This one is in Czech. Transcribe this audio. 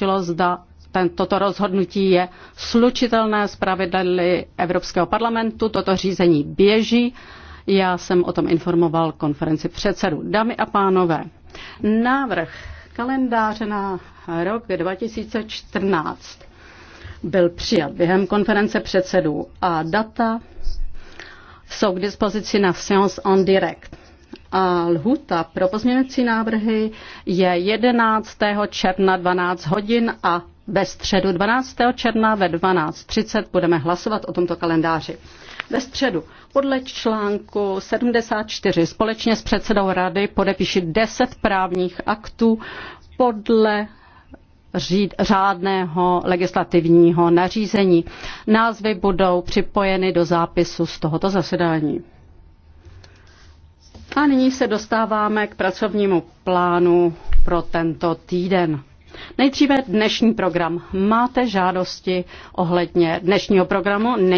zjistilo, zda toto rozhodnutí je slučitelné s pravidly Evropského parlamentu. Toto řízení běží. Já jsem o tom informoval konferenci předsedů. Dámy a pánové, návrh kalendáře na rok 2014 byl přijat během konference předsedů a data jsou k dispozici na Science on Direct a lhuta pro pozměňovací návrhy je 11. června 12 hodin a ve středu 12. června ve 12.30 budeme hlasovat o tomto kalendáři. Ve středu podle článku 74 společně s předsedou rady podepíši 10 právních aktů podle říd, řádného legislativního nařízení. Názvy budou připojeny do zápisu z tohoto zasedání. A nyní se dostáváme k pracovnímu plánu pro tento týden. Nejdříve dnešní program. Máte žádosti ohledně dnešního programu? Není